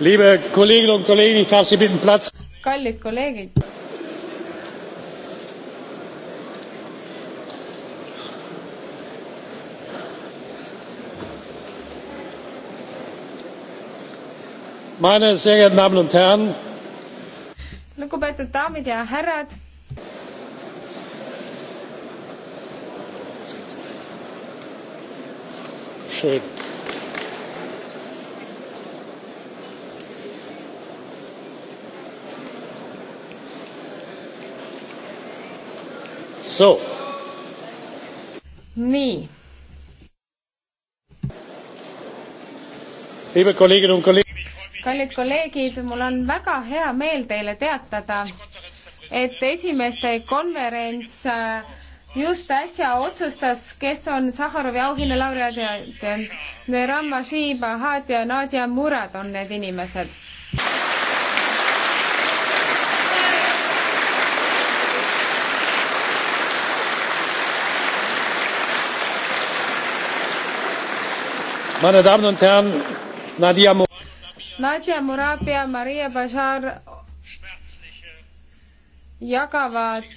Liebe Kolleginnen und Kollegen, ich darf Sie bitten Platz. Kallid kolleegid. Meine sehr geehrten Damen und Herren. Lugupeetud daamid ja härrad. Schön. So. nii. kallid kolleegid, mul on väga hea meel teile teatada, et esimeste konverents äh, just äsja otsustas, kes on Sahharovi auhinna laureaadid. Ramma Shiba, Hadja, Nadja Murad on need inimesed. meine Damen und Herren, Nadia Nadia Murabia, Maria Bashar jagavad